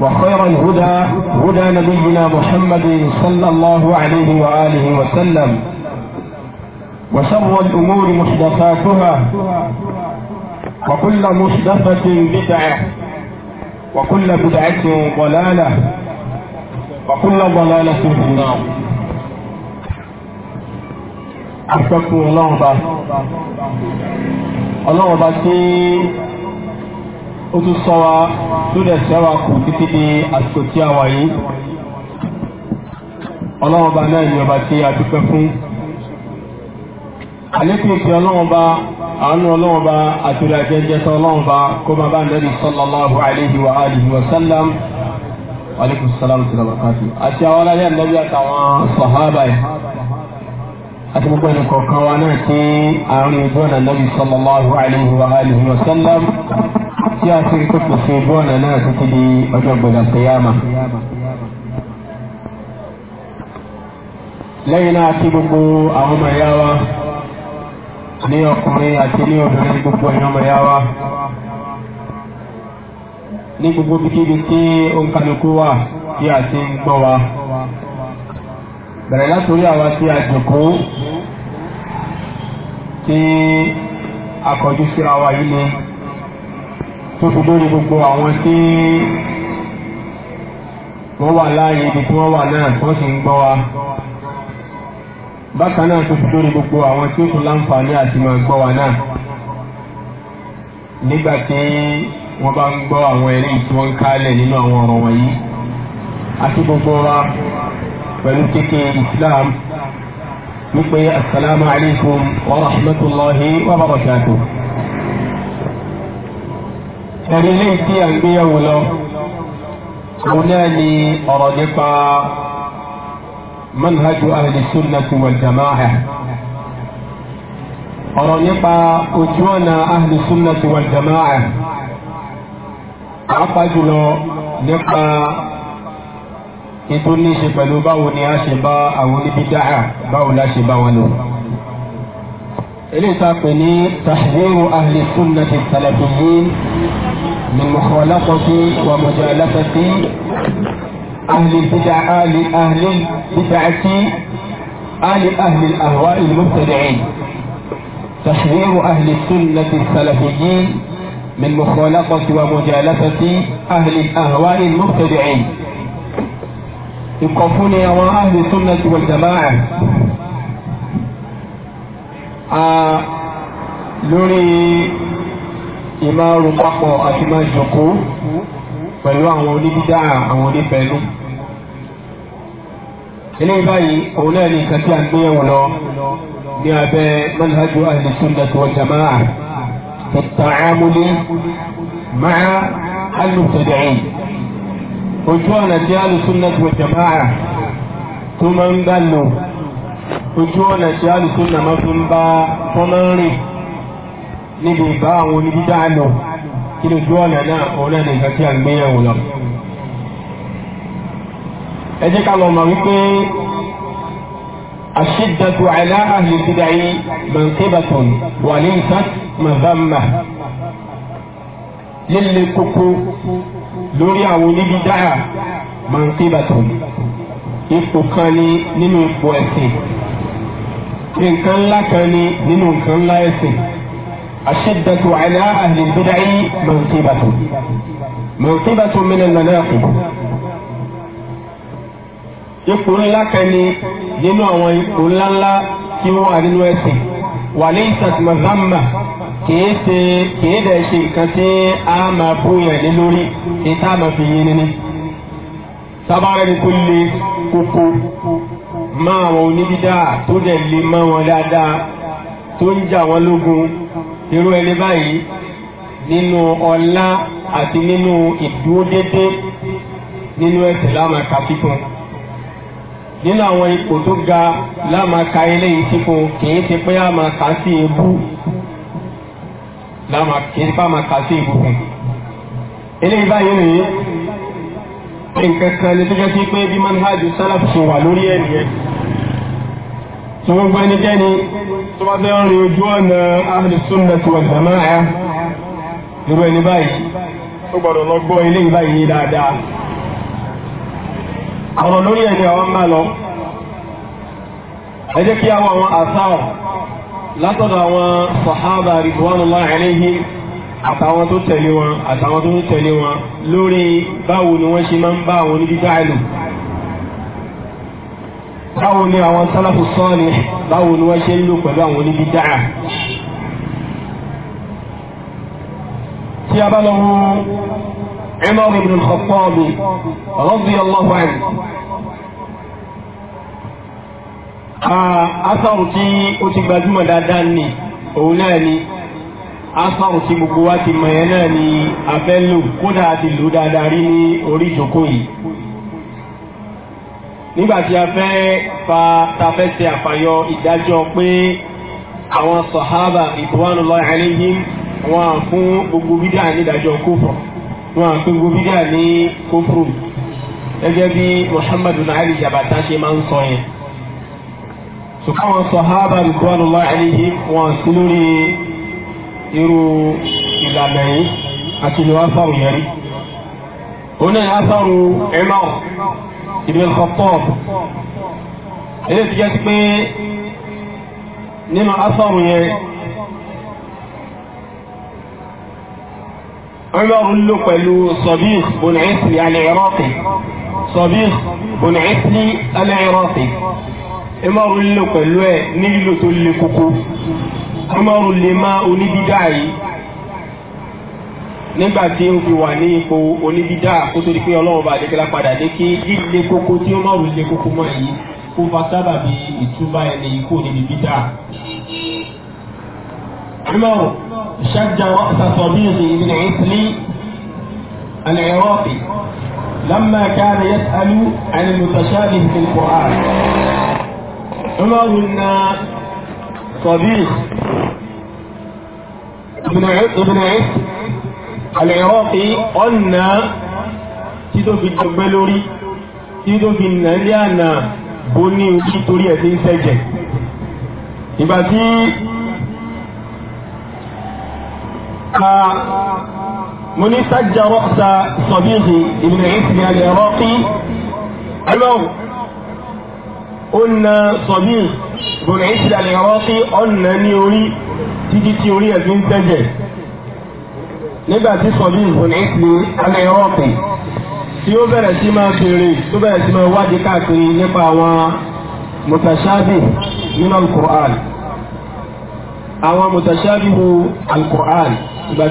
وخير الهدى هدى نبينا محمد صلى الله عليه وآله وسلم وشر الأمور محدثاتها وكل محدثة بدعة وكل بدعة ضلالة وكل ضلالة في النار أحبكم الله أبا الله أبا ó tún sọ wa ló dẹ̀ sẹ́ wa kù títí di àsìkò tí a wà yìí ọlọ́run ọba náà ni ọba tí a dúpẹ́ fún àlékún ti ọlọ́run ọba àánú ọlọ́run ọba àtúrò àjẹjẹsọ ọlọ́run ọba kó máa bá nẹ́bí sallallahu alayhi wa alihi wa sallam aleykum salaam wa àti àwọn aláyẹ̀ nẹ́bí àtàwọn sàhábà yìí àtẹnukọ́ ẹni kọ̀ọ̀kan wa náà pé àárín ojú ọ̀nà Nabi sallallahu alaihi wa alihi wa sallam tí a ti kó pèsè ojú ọ̀nà náà títí di ọjọ́ gbọ̀dọ̀ pẹ̀yàmà. lẹ́yìn náà kí gbogbo àwọn ọmọ ẹ̀yà wa ní ọkùnrin àti ní obìnrin gbogbo ẹ̀yàn ọmọ ẹ̀yà wa ní gbogbo bíkíbi tí ó ń kálukú wà tí a ti ń gbọ́ wa bẹ̀rẹ̀ látòrí àwa tí a jòkó tí a kọjú síra wa yìí ni tó fi lórí gbogbo àwọn tí wọ́n wà láàyè ibi tí wọ́n wà náà wọ́n sì ń gbọ́ wa bákan náà tó fi lórí gbogbo àwọn tí ó tún láǹfààní àti máa gbọ́ wa náà nígbà tí wọ́n bá ń gbọ́ àwọn ẹ̀rí tí wọ́n ń kálẹ̀ nínú àwọn ọ̀rọ̀ wọ̀nyí àti gbogbo wa. الإسلام نقول السلام عليكم ورحمة الله وبركاته أنا في أنبي أولا أولاني أرادقا منهج أهل السنة والجماعة أرادقا أجوانا أهل السنة والجماعة أقدلوا نقا ètò ní í ṣe pẹ̀lú báwo ni a ṣe bá àwọn oníbídáà báwo la ṣe bá wọn lò. eléyìí tá pè ní tahziru ahli sunnati salafiyyin min mukhalafati wa mujalasati ahli bidaa ahli ahli bidaati ahli ahli ahwa al-mubtadi'in. تحذير أهل السنة السلفيين من مخالطة ومجالسة أهل الأهواء المبتدعين ìkọ̀fúnni àwọn ahlu sunnati wal jama'a lórí ìmọ̀ràn papọ̀ àti máa jòkó pẹ̀lú àwọn onídídá àwọn onífẹ̀ẹ́lú. eléyìí báyìí òun náà ní nǹkan tí a gbé yẹ̀wò lọ ní abẹ́ manhaju ahlu sunnati wal jama'a fi ta'amuli ma'a al-mubtadi'in ojú ọ̀nà tí alùsùnà wal jama'a tó máa ń gbà lò ojú ọ̀nà tí alùsùnà máa fi ń bá fọ́nrán rìn níbi ìbá àwọn onídídá lọ kí ni ojú ọ̀nà náà òun nìkan tí a ń gbéyàwó lọ. ẹ jẹ́ ká lọ mọ̀ wípé الشدة على أهل البدع منقبة وليست مذمة líle koko lórí àwọn oníbídáà mọ̀nkíbàtò ipò kan ni nínú ipò ẹ̀sìn nǹkan ńlá kan ni nínú nǹkan ńlá ẹ̀sìn aṣẹ́dàtò àlá àhìlẹ́bídáì mọ̀nkíbàtò mọ̀nkíbàtò mìíràn lọ́nà àpò ipò ńlá kan ni nínú àwọn ipò ńláńlá tí wọ́n wà nínú ẹ̀sìn wà ní ìsàtìmọ̀ kìí ṣe kìí dẹ̀ ṣe nǹkan tí a máa bú yàn lé lórí kìí tá a máa fi yín níní. sábàárẹ̀ ni tó le koko má àwọn onídídá tó dẹ̀ le mọ́ wọn dáadáa tó ń jà wọ́n lógun irú ẹni báyìí nínú ọlá àti nínú ìdúródédé nínú ẹsẹ̀ lámàka fífún nínú àwọn ipò tó ga lámàka eléyìí fífún kìí ṣe pé àmàka sí ebú láàmà kiri fáàmà kàṣí ìbùkún eléyìí báyìí nìyí nǹkan kan ní tọ́jọ́ sí pé bí manhaj salaf ṣe wà lórí ẹ̀ nìyẹn tí wọ́n gbọ́ ẹnikẹ́ni tó bá fẹ́ rìn ojú ọ̀nà ahlu sunnah wal jamaa'ah irú ẹni báyìí ó gbọ́dọ̀ lọ gbọ́ eléyìí báyìí ní dáadáa àwọn lórí ẹ̀ ni àwọn máa lọ ẹ jẹ́ kí àwọn àwọn àṣà ọ̀ látọ̀dọ̀ àwọn sàhábà ridwanullahi alayhim àtàwọn tó tẹ̀lé wọn àtàwọn tó tẹ̀lé wọn lórí báwo ni wọ́n ṣe máa ń bá àwọn oníbídà lò báwo ni àwọn sálàfù sọ́ọ̀lì báwo ni wọ́n ṣe ń lò pẹ̀lú àwọn oníbídà tí a bá lọ wo Umar ibn al-Khattab radiyallahu anhu asaru tí ó ti gbajúmọ̀ dáadáa ni òun náà ni asaru tí gbogbo wa ti mọ̀ yẹn náà ni abẹ́ lò kódà ti lò dáadáa rí ní orí ìjókòó yìí nígbàtí a fẹ́ fa tafẹ́ ṣe àfàyọ ìdájọ́ pé àwọn sọ̀hábà ridwanullahi alayhim wọn à fún gbogbo bídà ní kófò wọn à fún gbogbo bídà ní kófò gẹ́gẹ́ bí Muhammadu nahari jabata ṣe máa ń sọ yẹn àwọn sọ̀hábà rìbọ́nù láìléyìí wọn sí lórí irú ìlànà yìí àti ìlú afárù yẹn rí. òun náà afárù Umar ibn al-Khattab èyí ti jẹ́ pé nínú afárù yẹn Umar lò pẹ̀lú Sabiq bùnìísì al-Iraqi Sabiq bùnìísì al-Iraqi. Umaru lò pẹ̀lú ẹ̀ ní lílò tó le koko Umaru lè má oníbídà yìí nígbà tí ó fi wà ní ipò oníbídà kó tó di pé ọlọ́run bá dékẹ́lá padà dé kí líle koko tí Umaru lè koko mọ́ yìí kó fa sábàbí ìtúbà ẹni ikú níbi bídà. Umaru ṣáájà sàtọ̀ bí ìrìn ìrìn ìsìlẹ̀ العراقي لما كان يسأل عن المتشابه في القرآن Umaru na Sabir ibn Ibn Al-Iraqi ọ̀nà tí tó fi jọgbẹ́ lórí tí tó fi nàílé àná bó ní ojú torí ẹ̀ tí ń sẹ́jẹ̀. Ìgbà tí ka mo ní sájà rọ́ọ̀sà Sabir ibn Ibn Al-Iraqi ẹlọ́run ó na sọ̀bí bùnà ìsìlẹ̀ ìrọ́kí ọ̀nà ní orí títí tí orí ẹ̀sìn ń tẹ́jẹ̀ nígbà tí sọ̀bí bùnà ìsìlẹ̀ ìrọ́kí tí ó bẹ̀rẹ̀ sí máa bèèrè tó bẹ̀rẹ̀ sí máa wádìí káàkiri nípa àwọn mutashabi nínú alukur'an àwọn mutashabi hu alukur'an ìgbà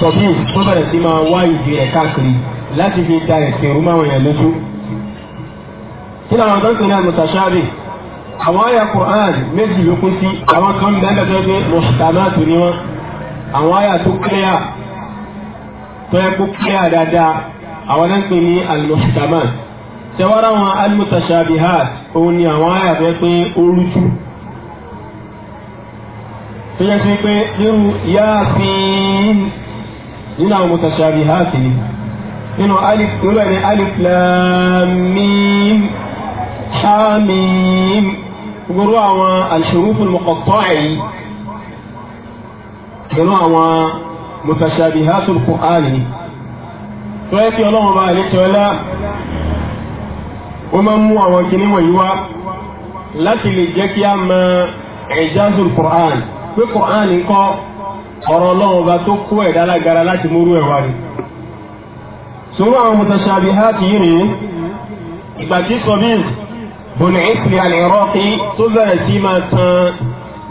sọ̀bí tó bẹ̀rẹ̀ sí máa wá ìdí ẹ̀ káàkiri láti fi da ẹ̀sìn rúmáwọn yẹn lójú kí làwọn kan kìíní àmùtàṣáàbì àwọn àyà Qur'an méjì ló kún sí àwọn kan bẹ́ẹ̀ bẹ́ẹ̀ pé mọ̀ṣùtàmáàtù ni wọ́n àwọn àyà tó kílíà tó yẹ kó kílíà dáadáa àwọn náà ní al-muhtamat tẹwàrà àwọn al òun ni àwọn àyà fẹ́ pé ó rújú tó yẹ sí pé nínú Yasin nínú àwọn mutashabihat ni nínú alif tó lọ ní alif lam hamim gbogbo àwọn al-huruf al-muqatta'a yìí pẹ̀lú àwọn mutashabihatul Qur'an yìí tó yẹ kí ọlọ́run bá àlejò ọlá ó máa ń mú àwọn kìnnì wọ̀nyí wá láti lè jẹ́ kí a mọ ìjázul Qur'an pé Qur'an nìkan ọ̀rọ̀ ọlọ́run bá tó kó ẹ̀dá lágara láti múrú ẹ̀ wá ni. sọ́wọ́ àwọn mutashabihat yìí rèé ìgbà tí sọ́bíìsì bùnú ìsìlẹ̀ àlẹ́rọ́ọ̀kì tó bẹ̀rẹ̀ sí máa tan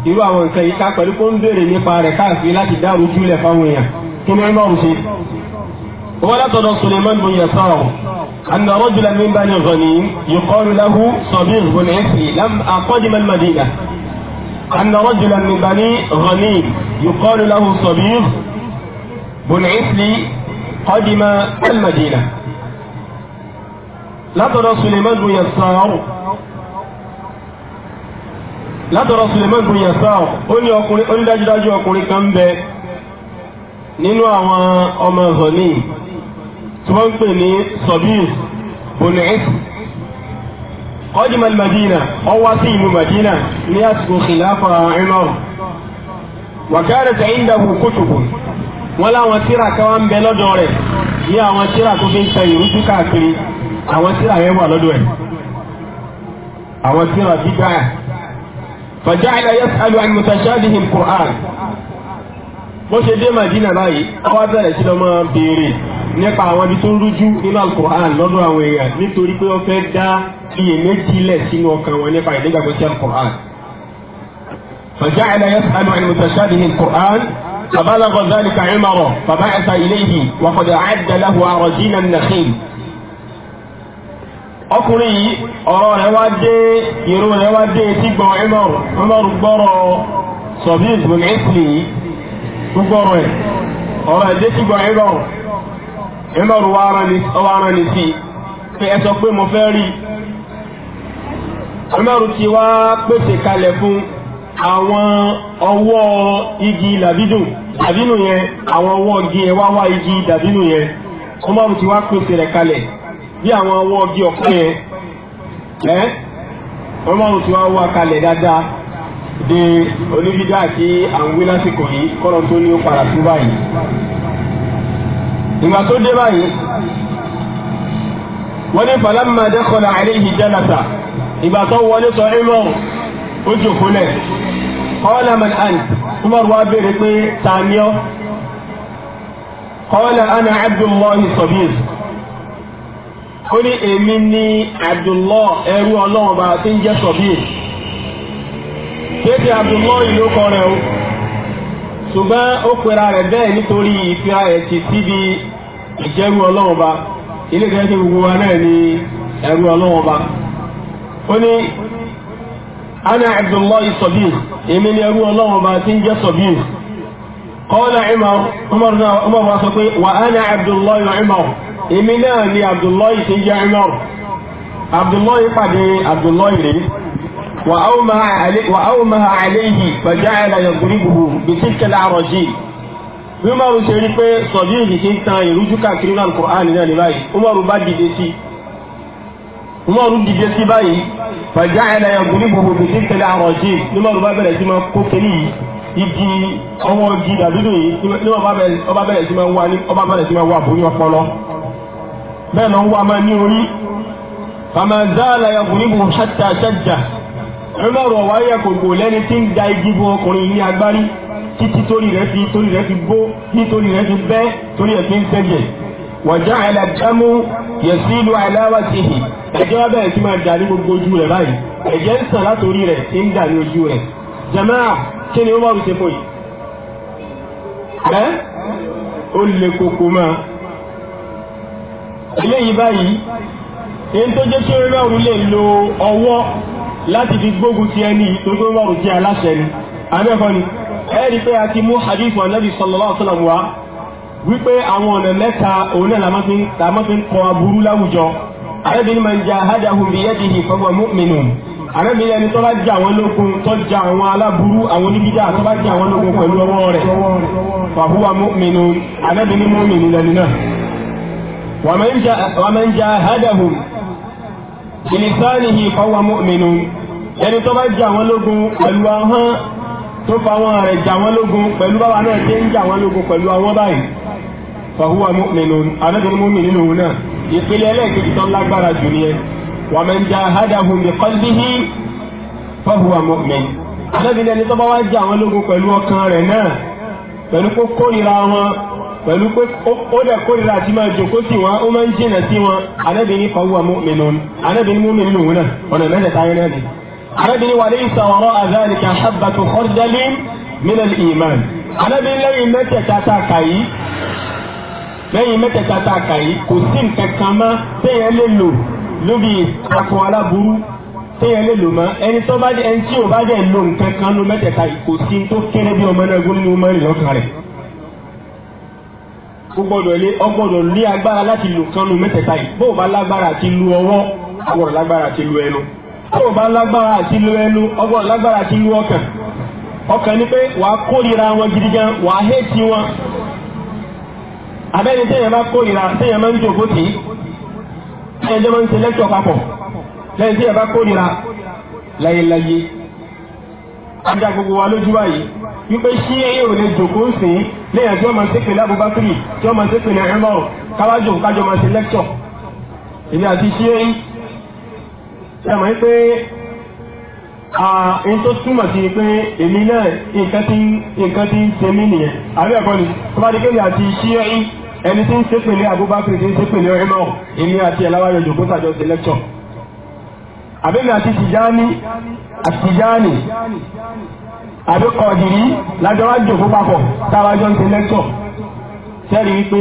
irú àwọn nǹkan yìí ká pẹ̀lú kó ń béèrè nípa rẹ̀ káàkiri láti dá ojú lẹ̀ fáwọn èèyàn kí ni wọ́n rù sí. wọ́n látọ̀dọ̀ Suleiman bin Yasar anna rajulan min bani Ghanim yuqalu lahu Sabir bùnú ìsìlẹ̀ lam aqadima al-Madina anna rajulan min bani Ghanim yuqalu lahu Sabir bùnú ìsìlẹ̀ látọ̀dọ̀ Suleiman bin Yasar látọ̀dọ̀ Suleiman bin Yasar ó ní ọkùnrin ó ní dájúdájú ọkùnrin kan ń bẹ nínú àwọn ọmọ zọ̀ní tí wọ́n ń pè ní sọ̀bíìs Madina ọ wá sí ìlú Madina ní àsìkò khilafa Umar wàkàrẹ̀ tẹ̀yìn dàbò kutubun wọ́n láwọn tíra káwọn ń bẹ lọ́dọ̀ rẹ̀ ní àwọn tíra tó fi ń àwọn tíra yẹn wà lọ́dọ̀ ẹ̀ àwọn tíra gíga ẹ̀ fàjà àìlà yẹ sàlù àni mùtàṣáàdìhì kùrán bó ṣe dé Madina báyìí ọwọ́ bẹ̀rẹ̀ sí lọ́mọ béèrè nípa àwọn ibi tó ń rújú nínú alukur'an lọ́dọ̀ àwọn èèyàn nítorí pé wọ́n fẹ́ dá iyèméjì lẹ̀ sínú ọkàn wọn nípa ìdígbàgbọ́ sí alukur'an. فجعل يسأل عن متشابه القرآن فبلغ ذلك عمره فبعث إليه وقد أعد له أراجيل النخيل ọkùnrin yìí ọ̀rọ̀ rẹ̀ wá dé ìró rẹ̀ wá dé etí gbọ́ ẹmọ̀rù ẹmọ̀rù gbọ́rọ̀ sọ̀bíìs bùnẹ́sìlì yìí gbọ́rọ̀ ẹ̀ ọ̀rọ̀ ẹ̀ dé tí gbọ́ ẹmọ̀rù ẹmọ̀rù wa ara ni sí pé ẹ sọ pé mo fẹ́ rí ẹmọ̀rù ti wá pèsè kalẹ̀ fún àwọn ọwọ́ igi làbídùn làbínú yẹn àwọn ọwọ́ igi ẹ wá wá igi làbínú yẹn ọmọrù ti wá pèsè rẹ̀ kalẹ̀ bí àwọn ọwọ́ ọgí ọ̀pẹ́ ẹ̀ ọlọ́run tí wọ́n wá kalẹ̀ dáadáa de oníbídá àti àwọn wí lásìkò yìí kọ́lọ̀ tó ní ó padà tó báyìí ìgbà tó dé báyìí wọ́n ní falamma dakhala alayhi jalasa ìgbà tó wọlé sọ ẹ̀mọ́ ó jòkó lẹ̀ qala man ant umar wa béèrè pé tàníọ́ qala ana abdullahi sabir ó ní èmi ní Abdullah ẹrú ọlọ́run bá ń jẹ́ sọ̀bí kéde o ṣùgbọ́n ó pera rẹ̀ bẹ́ẹ̀ nítorí ìfira rẹ̀ síbi ìjẹ́rú ọlọ́run ilé ìgbẹ́ tí gbogbo wa náà ní ẹrú ó ní ana Abdullah sọ̀bí èmi ní ẹrú ọlọ́run bá ń jẹ́ sọ̀bí qala Umar Umar náà Umar ana èmi náà ni abdullahi ṣe jẹ́ umar abdullahi pàdé abdullahi rèé wà á ó máa àléyìí pẹ̀jọ́ àìlàyé gbòrígbòrò bìtí kẹlẹ́ àròjì umaru ṣe rí pé sọ̀bí ìdí ti ń tan ìrújú káàkiri náà kùránì náà ní báyìí umaru bá dìde sí umaru dìde sí báyìí pẹ̀jọ́ àìlàyé gbòrígbòrò bìtí kẹlẹ́ àròjì umaru bá bẹ̀rẹ̀ sí máa kó kéré yìí igi ọwọ́ igi dàdúdò yìí ní ọba bẹ̀rẹ̀ sí máa wà bóyá ọpọlọ bẹ́ẹ̀ ló ń wá máa ní orí famazala yagulibu hatta sajja Umar wáyé kòkò lẹ́ni tí ń da igi bo ọkùnrin ní agbárí títí torí rẹ̀ fi torí rẹ̀ fi bó nítorí rẹ̀ fi bẹ́ torí ẹ̀ fi ń tẹ́jẹ̀ waja'ala damu yasilu ala wajhihi ẹ̀jẹ̀ wá bẹ̀rẹ̀ sí máa dà ní gbogbo ojú rẹ̀ báyìí ẹ̀jẹ̀ ń sàn látòrí rẹ̀ tí ń dà ní ojú rẹ̀ jamaa kí ni Umar ṣe fún yìí ẹ́ ó lè kókó máa eléyìí báyìí èyí tó jẹ́ kí Umaru lè lo ọwọ́ láti fi gbógun ti ẹni torí pé Umaru jẹ́ aláṣẹ ni abẹ́ẹ̀kọ́ ni ẹ̀rí pé a ti mú hadith Ànábì sallallahu alaihi wasallam wá wípé àwọn ọ̀nà mẹ́ta òun náà làmọ́ fi ń kọ aburú láwùjọ arábìnrin man jahadahum biyadihi fahuwa mu'minun arábìnrin ẹni tó bá jà àwọn lókun tó jà àwọn aláburú àwọn oníbídà tó bá jà àwọn lókun pẹ̀lú ọwọ́ rẹ̀ fahuwa mu'minun arábìnrin mu'minun lẹ́nu náà wàmẹ́n jà hádàhùn ìlísánìhì fọwọ́ mọ́mìnú ẹni tó bá jà wọ́n lógun pẹ̀lú ahọ́n tó fa wọn rẹ̀ jà wọ́n lógun pẹ̀lú báwa náà ṣe ń jà wọ́n lógun pẹ̀lú àwọn báyìí fọwọ́ mọ́mìnú anábìrin mọ́mìnú lòun náà ìpele ẹlẹ́ẹ̀kejì tó lágbára jù nìyẹn wàmẹ́n jà hádàhùn ìkọ́lbíhì fọwọ́ mọ́mìnú anábìrin ẹni tó bá wá jà wọ́n lógun pẹ̀lú ọkàn rẹ̀ náà pẹ̀lú kó kórìíra wọn pẹ̀lú pé ó dẹ̀ kórìíra àti máa jòkó sí wọn ó máa ń jìnà sí wọn anábìíní fawúwa mu'minun anábìíní mu'minun lòun náà ọ̀nà mẹ́tẹ̀ẹ̀ta yẹn náà ni. anábìíní wà lẹ́yìn sàwọ́rọ́ àdáríkà habatu khardali minal iman anábìíní lẹ́yìn mẹ́tẹ̀ẹ̀ta tá a kà yìí lẹ́yìn mẹ́tẹ̀ẹ̀ta tá a kà yìí kò sí nǹkan kan mọ́ téèyàn lè lò lóbi àkọ́ aláburú téèyàn lè lò mọ́ ẹni tó bá ẹni tí ò bá dẹ̀ lò nǹkan kan ló mẹ́tẹ̀ẹ̀ta kò sí tó kéré bí ọmọ náà gún ní ọmọ rẹ̀ rẹ̀. ọ gbọdọ lé ọgbọdọ gbọ́dọ̀ lé agbára láti lò kan nu yìí bó o bá lágbára àti lu ọwọ agbara lágbára àti lu ẹnu bó o bá lágbára àti lu ẹnu lágbára lu ọkàn ọkàn ni pé wọn gidi gan wàá hẹ́ẹ̀tì wọn abẹ́ni téèyàn bá máa ń jẹ́ máa ń ṣe lẹ́tọ̀ papọ̀ lẹ́yìn bá kórìíra láyéláyé ajá gbogbo wa lójú wípé ṣí ò lè jòkó lẹ́yìn tí wọ́n máa ń sépè lábúbákiri tí wọ́n máa ń sépè ní ẹ̀rọ káwájú kájọ máa ṣe lẹ́kṣọ̀ èmi àti ṣíẹ́yìn ṣe àmọ́ pé n tó túmọ̀ sí pé èmi náà nǹkan tí nǹkan tí ń ṣe mí nìyẹn àbí ẹ̀kọ́ ni tó bá di kéde àti ṣíẹ́yìn ẹni tí ń sépè ní abúbákiri tí ń sépè ní ẹ̀rọ èmi àti ẹ̀láwáyọ̀ jòkó tàjọ ṣe lẹ́kṣọ̀ àbí mi àti tìjáni àtìjáni àbí kọ̀ọ̀dìrí lájọ́wájú òkú papọ̀ táwájọ́ ń ṣe lẹ́tọ̀ sẹ́rí wípé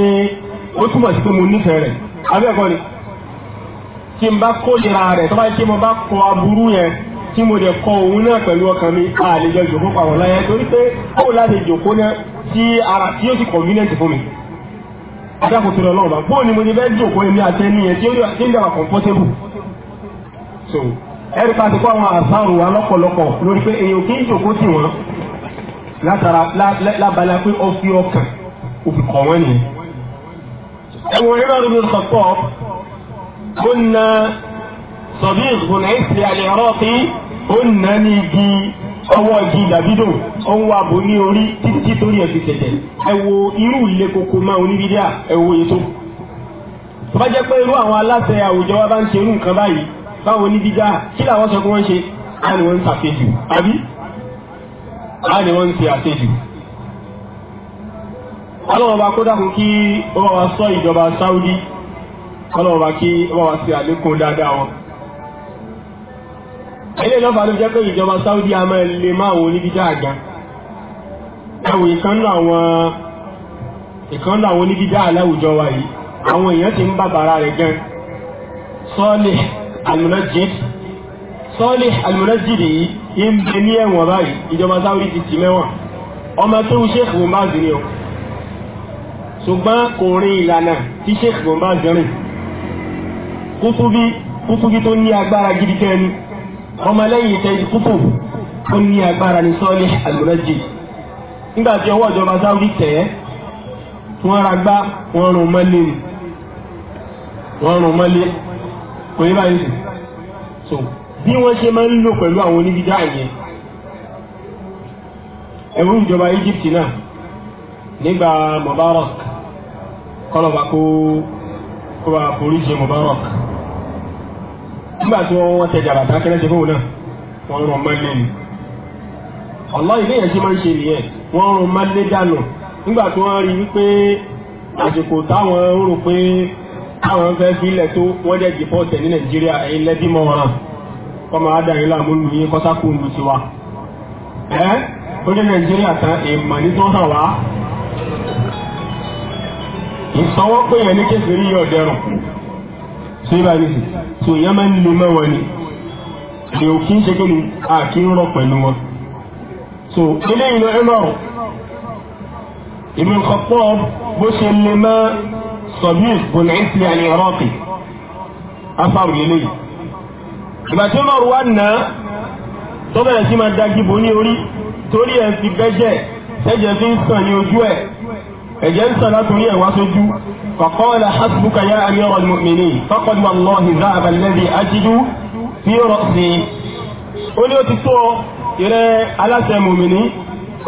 ó túmọ̀ sí pé mo nífẹ̀ẹ́ rẹ̀ abẹ́ẹ̀kọ́ ni kí n bá kórìíra rẹ̀ tó bá ṣe mo bá kọ aburú yẹn tí mo dẹ̀ kọ òun náà pẹ̀lú ọkàn mi àlejò ìjòkó papọ̀ láyé torí pé ó láti jòkó náà tí ara tí ó sì convenient fún mi adákòtò lọ náà bá ni mo ti fẹ́ jòkó ẹni àtẹ́ni yẹn tí ó dẹ̀ wà comfortable so ẹ̀rí ká ti kọ́ àwọn àṣàrò wa lọ́pọ̀lọpọ̀ lórí pé èèyàn kì í jòkó tì wọ́n látara lábala pé ó fi ọkàn òfin kọ̀ wọ́n nìyẹn. ẹ̀wọ̀n ìmọ̀ rẹ̀ ló sọ̀tọ̀ ó na sọ̀bíìs bùnà ìsì àlẹ́ ọ̀rọ̀kì ó nà ní igi ọwọ́ igi dàbídò ó ń wá bò ní orí títí torí ẹ̀ fi tẹ̀tẹ̀ ẹ wo irú ilé koko máa oníbídíà ẹ wo ètò. tó bá jẹ́ pé irú àwọn aláṣẹ àwùjọ wa bá ń ṣe irú nǹkan báyìí báwọn onídídá kí làwọn sọ pé wọ́n ṣe á ní wọ́n ń ṣàṣejù àbí á ní wọ́n ń ṣe àṣejù. ọlọ́wọ́n bá kó dàkún kí ó bá wa sọ ìjọba Saudi ọlọ́wọ́n bá kí ó bá wa ṣe àlékún dáadáa wọn. ilé ìlọ́fà ló jẹ́ pé ìjọba Saudi a máa lè má àwọn onídídá àgbà ẹ̀wù ìkànnà àwọn ìkànnà àwọn onídídá aláwùjọ wa yìí àwọn èèyàn ti ń bàbàrà rẹ̀ gan-an sọ́ọ̀lì almunajid Salih almunajid yìí ń bẹ ní ẹ̀wọ̀n báyìí ìjọba sáwọ́dí ti tì mẹ́wọ̀n ọmọ tó ń Sheikh Bombaz ni o ṣùgbọ́n kò rin ìlànà tí Sheikh Bombaz rìn kútúbí kútúbí tó ní agbára gidi kẹ́ni ọmọlẹ́yìn tẹ́ kútù tó ní agbára ní Salih almunajid nígbà tí ọwọ́ ìjọba sáwọ́dí tẹ̀ ẹ́ wọ́n ra gbá wọ́n rún mọ́lé kò yẹ báyìí sùn so bí wọ́n ṣe máa ń lò pẹ̀lú àwọn oníbídà yẹn ẹ̀rú ìjọba Egypt náà nígbà Mubarak kọlọba kó kó bá polisi Mubarak nígbà tí wọ́n wọ́n tẹ̀jà bàtà kẹrẹ́sẹ̀ fóun náà wọ́n rọ̀ mọ́lẹ́ ni ọ̀lá ilé yẹn ṣe máa ń ṣe nìyẹn wọ́n rọ̀ mọ́lẹ́ dànù nígbà tí wọ́n rí wípé àsìkò táwọn rò pé táwọn fẹ́ sílẹ̀ tó wọ́n dẹ̀ jì pọ́ọ̀tẹ̀ ní nàìjíríà ẹ̀yìn lẹ́bí mọ́ wọn kọmọ adáyé láàmúlù yín kọ́sákù lù sí wa ẹ́ ó dé nàìjíríà tán èèmọ̀ ní tó hàn wá ìsanwó pé yẹn ní kékeré yóò dẹrùn sí ibà nìsí tí òyìn máa ń lu mẹ́wọ̀n ni èrè ò kí ń ṣe kí ni a kì ń rọ pẹ̀lú wọn so eléyìí lọ ẹ náà ìmọ̀ nǹkan pọ̀ bó ṣe lè máa sọ̀bíù bùn ìsìn àlè rọ́ọ̀kì afárò lélẹ́yìí. ìgbà tí Umaru wá nà á tó bẹ̀rẹ̀ sí máa dagi bò ní orí torí ẹ̀ fi bẹ́jẹ̀ ẹ̀jẹ̀ fi ń sàn ní ojú ẹ̀ ẹ̀jẹ̀ ń sàn látòrí ẹ̀ wá sójú. فقال حسبك يا أمير المؤمنين فقد والله ذهب الذي أجد في رأسي ó ní ó ti tó ìrẹ́ aláṣẹ mòmìnì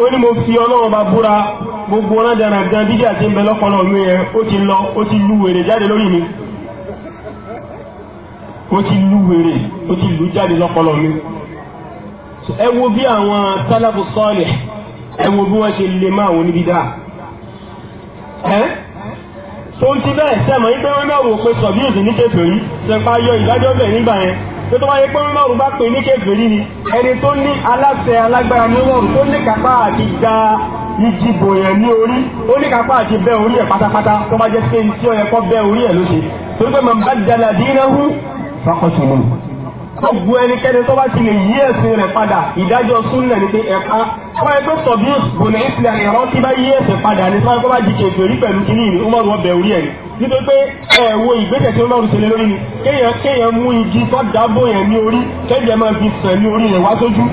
ó ní mo fi ọlọ́run bá búra gbogbo wọn dára gan dídí àti ń bẹ lọ́pọ̀lọ́ mi yẹn ó ti lọ ó ti lu wèrè jáde lórí mi ó ti lu wèrè ó ti lu jáde lọ́pọ̀lọ́ mi ẹ wo bí àwọn sálàbù sọ́ọ̀lì ẹ wo bí wọ́n ṣe lè máa wọn níbi dáa ẹ́ tó ń ti bẹ́ẹ̀ sẹ́mọ̀ yí pé wọ́n náà wò pé sọ̀bíyèsí ní kéferì sẹ́pà yọ ìdájọ́ bẹ̀ nígbà yẹn tó tó wáyé pé wọ́n náà bá pè ní kéferì ni ẹni tó ní aláṣẹ alágbára ní wọ́n tó ní kápá àti gba ìdìbò yẹn ní orí ó ní kápá àti bẹ́ orí ẹ̀ pátápátá tó bá jẹ́ pé tí ó yẹ kó bẹ́ orí ẹ̀ ló ṣe torí pé màá bá dala dínáhù fakọ̀tùnú. gbogbo ẹnikẹ́ni tó bá ti lè yí ẹ̀sìn rẹ̀ padà ìdájọ́ súnlẹ̀ ní pé ẹ̀ka wọ́n yẹ pé tọ̀bí bùnà ìsìlẹ̀ ẹ̀rọ tí bá yí ẹ̀sìn padà ní sọ́wọ́n kó bá di kèfèrí pẹ̀lú kínní ni ó mọ̀rọ̀ bẹ̀ orí ẹ̀ nítorí pé ẹ̀wọ̀ ìgbésẹ̀ tí ó máa ń ṣẹlẹ̀ lórí ni kéèyàn kéèyàn mú igi tó dábò yẹn ní orí kéèyàn máa fi sàn ní orí rẹ̀ wá sójú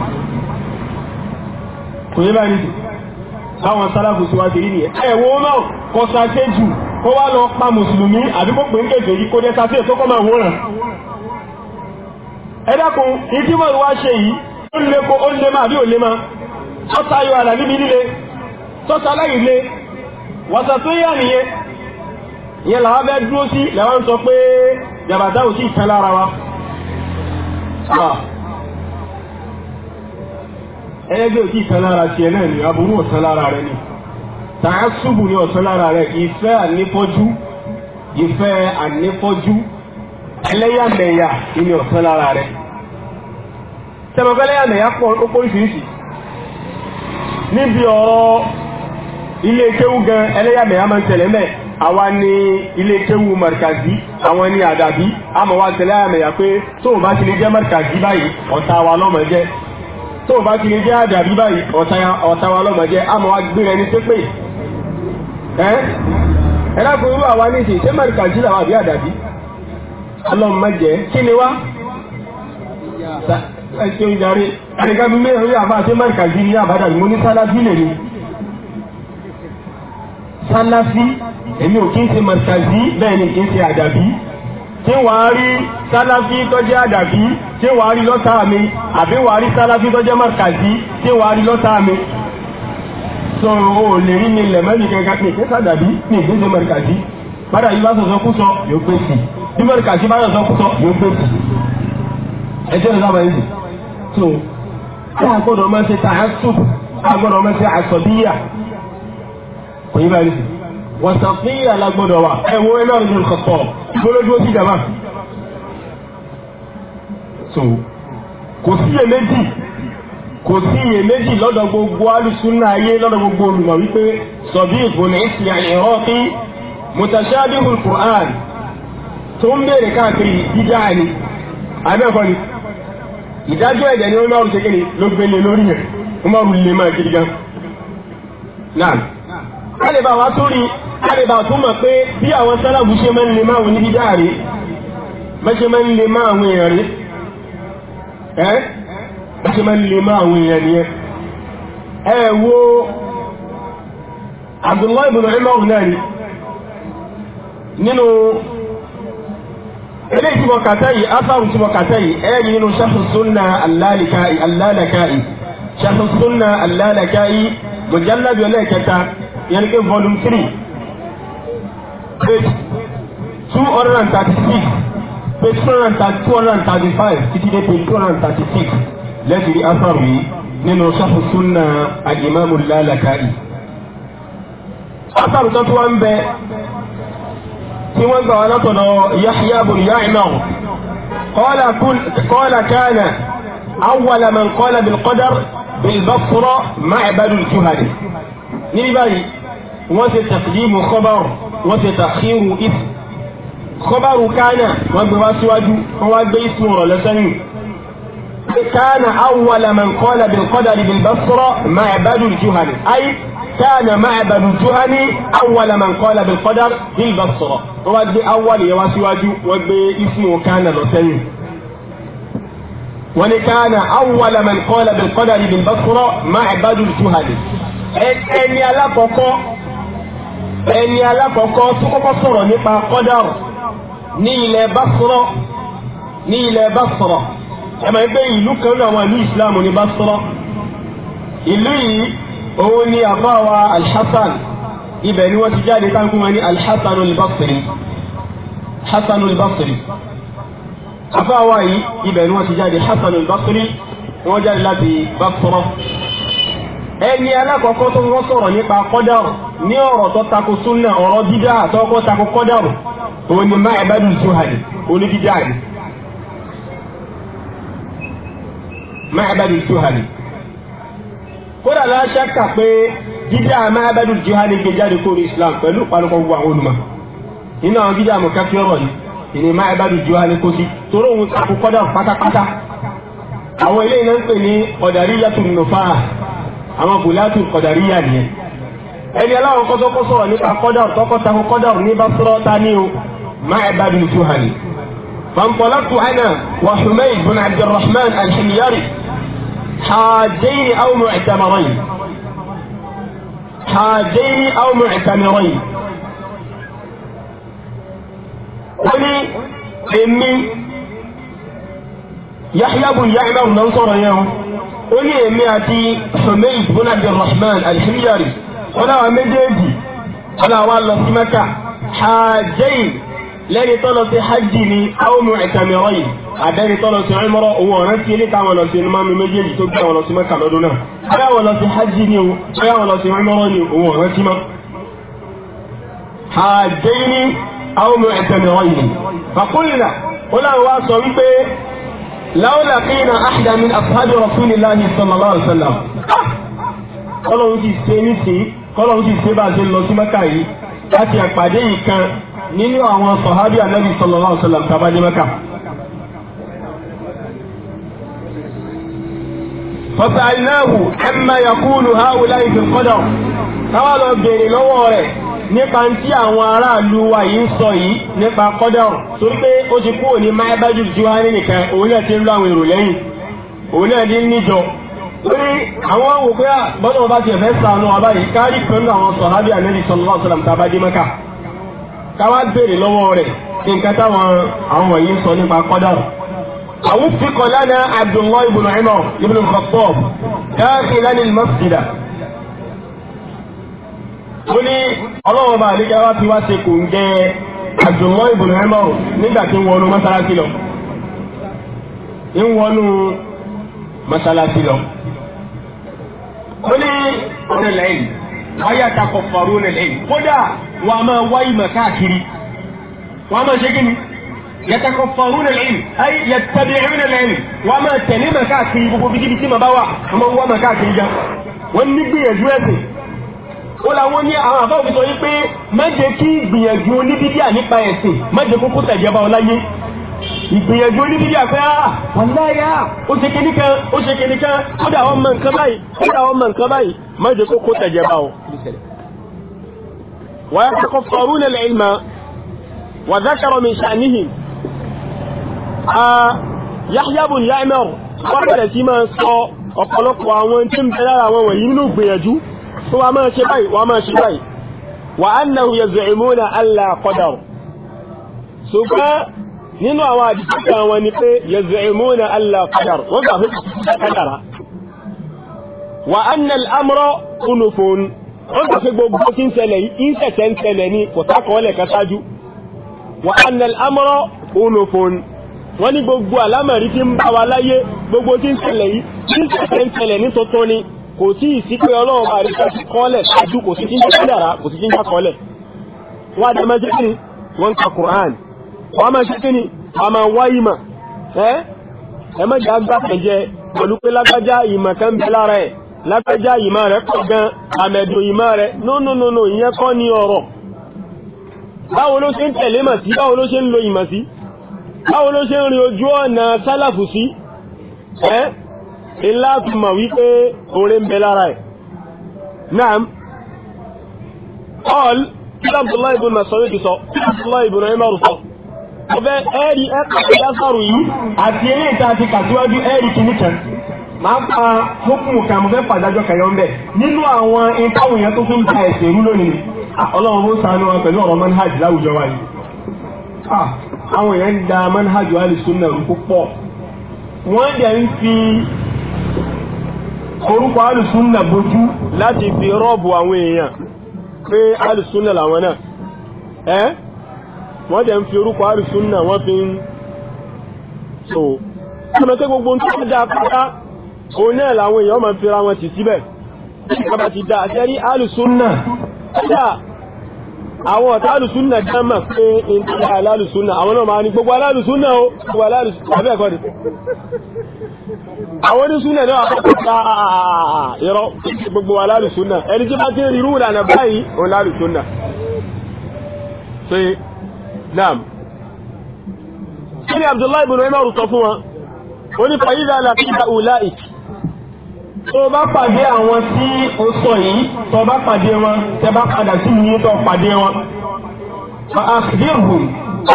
kò yé báyìí báwọn sálàfù tí wá ti rí nìyẹn. ẹ wo máa kọ jù kó wá lọ pa mùsùlùmí àbí kó ń kèfè yìí kó dé sàṣẹ tó máa wòran. ẹ dákun ìdí mọ̀ wá ṣe yìí ó lè kó ó lè máa bí ò lè máa tọ́ta yọ àlà níbi líle tọ́ta láyìí le wàṣà tó yà nìyẹn ìyẹn làwọn bẹ dúró sí làwọn sọ pé jàbàtà ò sí ìkan lára wa. Ah ẹlẹ́gbẹ́ òkè ìtàn lára tiẹ̀ náà ni aburú ọ̀sán lára rẹ ni tààsùbù ni ọ̀sán lára rẹ ìfẹ́ ànífọ́jú ìfẹ́ ànífọ́jú ẹlẹ́yàmẹ̀yà ni ọ̀sán lára rẹ tẹmọ̀fẹ́lẹ́yàmẹ̀yà pọ̀ ó póríṣiríṣi níbi ọ̀rọ̀ ilé kéwú gan ẹlẹ́yàmẹ̀yà máa ń tẹ̀lé mẹ́ àwa ni ilé kéwú mọ̀rìkàzí àwọn ni àdàbí àmọ́ wa tẹ̀lẹ́yàmẹ̀yà pé tóun bá ti lè jẹ́ mọ̀rìkàzí báyìí ọ̀tá wa lọ́mọ jẹ́ tó bá ti lè jẹ́ àdàbí báyìí ọ̀tá wa lọ́mọ jẹ́ àmọ́ wa gbé ẹni tó pè ẹ́ ẹ̀dàkùn irú àwa ní ìsìn sẹ́mẹ̀rì kàjílà wà bí àdàbí ọlọ́mọ jẹ́ kí ni wá ẹ̀ṣẹ̀ ìdarí àdìgá mi mẹ́rin rí àbá sẹ́mẹ̀rì kàjílì ní àbádàbí mo ní sálábí lè ní sálábí èmi ò kí ń ṣe mọ̀ṣáàzí bẹ́ẹ̀ ni kì í ṣe àdàbí tí wàá rí sáláfí tó jẹ́ àdàbí tí wàá rí lọ́tà mi àbí wàá rí sáláfí tó jẹ́ màkàzí tí wàá rí lọ́tà mi sọ o lè rí ní ilẹ̀ mẹ́rin kankan ní ìṣẹ́ sàdàbí ní ìṣẹ́ màkàzí bàdà yìí bá sọ̀sọ̀ kú sọ yóò pé sí bí màkàzí bá sọ̀sọ̀ kú sọ yóò pé sí ẹjẹ́ ló sábà yìí so káà gbọ́dọ̀ máa ṣe tààtù àgbọ́dọ̀ máa ṣe àsọ̀bíyà kò yí báyìí wàsàfíì alágbọ́dọ̀ wa ẹ̀wọ́ ẹlọ́run ní kọ̀kọ́ gbólódúró sí jàmá. so kò sí iyèméjì kò sí iyèméjì lọ́dọ̀ gbogbo alùsùnà ayé lọ́dọ̀ gbogbo olùmọ̀ wípé sọ̀bí ìgbóni ìsìn àyẹ̀họ́ fi mutashabihul Qur'an tó ń béèrè káàkiri jíjá ni abẹ́ẹ̀kọ́ ni ìdájọ́ ẹ̀jẹ̀ ni Umaru ṣe kéde ló gbélé lórí rẹ̀ Umaru lè máa gidi gan. náà a lè bá wa tó rí i àrèbà tó mọ̀ pé bí àwọn sálàbù ṣe máa ń lè máa wù ní dídá rè mẹ́ṣe máa ń lè máa àwọn èèyàn rè ẹ́ mẹ́ṣe máa ń lè máa àwọn èèyàn nìyẹn ẹ wo Abdullahi ibn Umar náà rí nínú eléyìí tí mo kàtá yìí afáàrù tí mo yìí ẹ rí nínú Sharh Sunnah Al-Lalaka'i Al-Lalaka'i yẹn ní pé volume three page two hundred and thirty-six page two hundred and thirty two hundred and thirty-five títí dé page two hundred and thirty-six lẹ́sìrì afam yìí nínú sọ́fù súnà àdìmọ́mù lálàkàì. afam tó tún wá ń bẹ tí wọ́n gbà wá látọ̀nà yahya bùn yaimau kọ́lá kánà awwala man qala bil qadar bil basra ma'badul juhani. ní báyìí wọ́n ti tàkìlì mú kọ́bárù wọ́n ṣe tàkírù if kọ́bárù kánà wọ́n gbé wá síwájú wọ́n wá gbé ìsú ọ̀rọ̀ lẹ́sẹ̀yìn كان أول من قال بالقدر بالبصرة معبد الجهني أي كان معبد الجهني أول من قال بالقدر بالبصرة wọ́n gbé awal yẹn wá síwájú wọ́n gbé ìsú kánà lọ́sẹ̀yìn wọ́n ní كان أول من قال بالقدر بالبصرة معبد الجهني ẹni alákọ̀ọ́kọ́ ẹni alákọ̀ọ́kọ́ tó kọ́kọ́ sọ̀rọ̀ nípa kọ́dàrù ní ilẹ̀ Basra ní ilẹ̀ Basra ẹ máa ń gbé ìlú kan ní àwọn ìlú ìsìláàmù ní Basra ìlú yìí òun ni àbáwa al ibẹ̀ ni wọ́n ti jáde táǹkù ní Al-Hasan al-Basri Hasan al basri àbáwa yìí ibẹ̀ ni wọ́n ti jáde Hasan al wọ́n jáde láti Basra. ẹni alákọ̀ọ́kọ́ tó wọ́n sọ̀rọ̀ nípa kọ́dàrù ní ọ̀rọ̀ tó tako súnà ọ̀rọ̀ dídá àtọ́kọ́ tako kọ́dàrù òun ni máa ẹ̀bá dùn zuhari onídídá ni máa ẹ̀bá dùn zuhari. kódà láṣẹ kà pé dídá máa ẹ̀bá dùn zuhari jáde Islam pẹ̀lú ìpanukọ̀ gbogbo àwọn olùmọ̀ nínú àwọn dídá ìní kó sí òun tako pátápátá àwọn àwọn gòláàtù kọ̀dàríyà nìyẹn ẹni aláwọn kọ́sọ́kọ́sọ́ wà nípa kọ́dàrú tọkọ́tako kọ́dàrú ní Basra tani o Ma'bad al-Juhani. فانطلقت أنا وحميد بن عبد الرحمن الحميري حاجين أو معتمرين حاجين أو معتمرين wọ́n ní èmi Yahya bun Ya'mar náà sọ̀rọ̀ yẹn o ó ní èmi àti Humayd ibn Abdurrahman al-Himyari wọn náà méjèèjì wọn náà wá lọ sí Mẹ́kà hajjain lẹ́ni tó lọ sí hajj ni àwọn ọmọ ìtàmìrọ̀ yìí àbẹ́ni tó lọ sí ọmọrọ̀ owó ọ̀rẹ́ sí ilé táwọn lọ sí ẹnu mánu méjèèjì tó gbé àwọn lọ lọ́dún náà bóyá wọn hajj ni o bóyá wọn lọ ni owó ọ̀rẹ́ sí mọ́. hajjain ni àwọn ọmọ yìí láwùlà kíyìnà àhìdámin àfáàdì rasulillahi sallallahu alaihi wasallam kọ́lọ́hún ti ṣe nísìn kọ́lọ́hún ti ṣe bá a ṣe lọ sí mẹ́kà yìí láti àpàdé yìí kan nínú àwọn sọ̀hábì ànábì sallallahu alaihi wasallam tàbá dé mẹ́kà. فسألناه عما يقول هؤلاء في القدر قالوا بيني لو nípa tí àwọn aráàlú wa yìí ń sọ yìí nípa kọ́dọ̀rù torí pé ó ti kúrò ní máyábájú juwari nìkan òun náà ti ń lọ àwọn èrò lẹ́yìn òun náà ti ń níjọ lórí àwọn wò pé ah, bọ́dọ̀ wọn bá ti ẹ̀fẹ́ sànú wa báyìí káàrí pẹ̀lú àwọn sọ̀hábì ànábì sallallahu alaihi tá a bá dé Mẹ́kà káwá béèrè lọ́wọ́ rẹ̀ nǹkan táwọn àwọn wọ̀nyí ń sọ nípa kọ́dọ̀rù ó ní ọlọ́run wá ti wá ṣe kò gẹ nígbà tí ń lọ ní lẹ́yìn wáyà takọ̀ kódà wàá máa mọ̀ káàkiri wàá máa ṣe ayi ó làwọn ní àwọn àbá òfin sọ yìí pé má jẹ́ kí ìgbìyànjú oníbídíà nípa ẹ̀sìn má jẹ́ kókó tẹ̀jẹ́ ìgbìyànjú oníbídíà pé á ah, wàláyà ah, ó ṣe kíní kan ó ṣe kíní kan ó dà ọmọ nǹkan báyìí ó dà ọmọ nǹkan báyìí má jẹ́ kókó tẹ̀jẹ́ bá ọ. ويتكفرون العلم وذكر من شأنهم يحيى بن يعمر قبل سيما سو ọ̀pọ̀lọpọ̀ àwọn tí ń bẹ lára àwọn wọ̀nyí nínú ìgbìyànjú tó wà máa ṣe báyìí wà máa ṣe báyìí wà annahu yaz'umuna alla qadar ṣùgbọ́n nínú àwọn àdìsíkà wọn ni pé yaz'umuna alla qadar wọ́n gbà fún kádàrá wà anna al-amra unufun wọ́n gbà fún gbogbo tí ń ṣẹlẹ̀ yìí ń ń ṣẹlẹ̀ ní kò sákọọ́lẹ̀ kan ṣáájú wà anna unufun wọ́n ní gbogbo àlámọ̀rí tí ń bá wa láyé gbogbo tí ń ṣẹlẹ̀ yìí ń ń ṣẹlẹ̀ ní tuntun ni kò tí ì sí pé ọlọ́run bá rí kọ́sí kọ́lẹ̀ ṣáájú kò sí jíjá dára kò sí jíjá kọ́lẹ̀ wọ́n adá máa ṣe kí ni wọ́n ń ka Qur'an wọ́n máa ṣe kí ni wọ́n máa wá ìmọ̀ ẹ́ ẹ má jẹ́ agbáfẹ̀jẹ pẹ̀lú pé lágbájá ìmọ̀ kan bẹ lára ẹ̀ lágbájá ìmọ̀ rẹ̀ pọ̀ gan àmẹ̀dùn ìmọ̀ rẹ̀ nónónónó ìyẹn kọ́ ilá túnmọ̀ ma oore ń ara lára ẹ̀ náà all Abdullahi ibn ti sọ Abdullahi ibn sọ yìí àti ìta àti pa kan mo fẹ́ kẹyọ nínú àwọn ìtàwọn tó ìrú lónìí sànú ah, manhaj láwùjọ wa yìí ah, àwọn da manhaj wa lè orúkọ alùsúnnà bójú láti fi rọ́ọ̀bù àwọn èèyàn pé alùsúnnà làwọn náà ẹ́ wọ́n jẹ́ ń fi orúkọ alùsúnnà wọ́n fi ń so ọmọ pé gbogbo tó dá pátá òun náà làwọn èèyàn máa ń fira wọn tì síbẹ̀ àwọn ọ̀tá alùsúnà dámà pé ìntí alálùsúnà àwọn náà máa ní gbogbo alálùsúnà ó gbogbo alálùsúnà àbẹ́ ẹ̀kọ́ ni àwọn onísúnà náà àpapọ̀ ta ìrọ̀ gbogbo alálùsúnà ẹni tí bá ti rí rúrà nà báyìí òun lálùsúnà ṣe naam kí ni Abdullahi ibn Umar sọ fún wọn ó ní fàyídà làkíkà ulaik tó o bá pàdé àwọn tí o sọ yìí tó o bá pàdé wọn tẹ bá padà sí tó o pàdé wọn. fa akhbirhum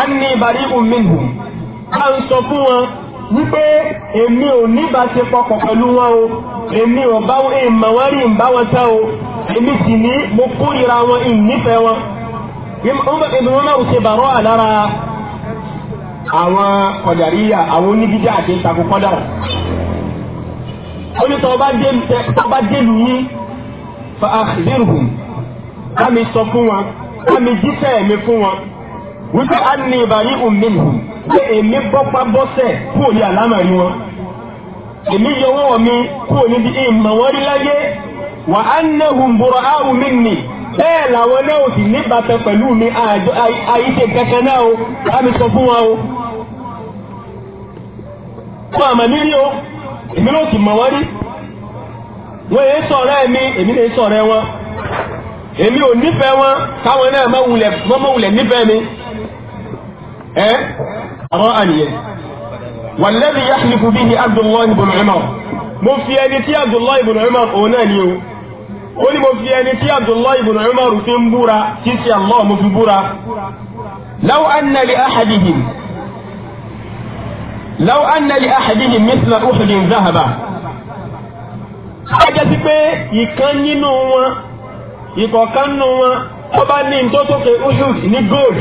anni bari'un minhum. a ń sọ fún wọn wípé èmi ò níbáṣepọ̀ pọ̀ o èmi ò bá wọn èèmọ̀ o èmi sì ní mo kórìíra wọn ìnífẹ̀ẹ́ wọn. ìbí wọn máa ṣe bàrọ́ àlára àwọn àwọn àti ó ní tọ́ bá délù yín fa àkìlérùhùn kámi sọ fún wọn kámi jíṣẹ́ mi fún wọn wípé a ní ìbàrí òmìnirù pé èmi bọ́pá bọ́sẹ̀ kú òní àlámàrí wọn èmi yọwọ́ mi kú òní bí ìmọ̀ wọn rí láyé wà á nẹ́hùn bọ̀rọ̀ áhùn mi nì bẹ́ẹ̀ làwọn náà sì níbàtẹ pẹ̀lú mi àjọ àyíṣe kankan náà o kámi sọ fún wọn o. fún àmàmí rí o èmi ló sì mọ̀ wọ́n rí wọ́n èé sọ̀rọ̀ ẹ̀mí èmi lè sọ̀rọ̀ ẹ̀ wọn èmi ò nífẹ̀ẹ́ wọn káwọn náà mọ́ wulẹ̀ nífẹ̀ẹ́ mi ẹ́ àwọn àníyàn wàlẹ́bí yáhìlìkù bí i Abdullahi ibn Umar mo fi ẹni tí Abdullahi ibn Umar òun náà ni o ó ní mo fi ẹni tí Abdullahi ibn Umar fi ń búra títí Allah mo fi búra law anna li law anna li ahadihim mithla uhudin zahaba ajá sí pé ìkan nínú wọn ìkọ̀ọ̀kan nínú wọn tó bá ní tó tókè uhud ní gold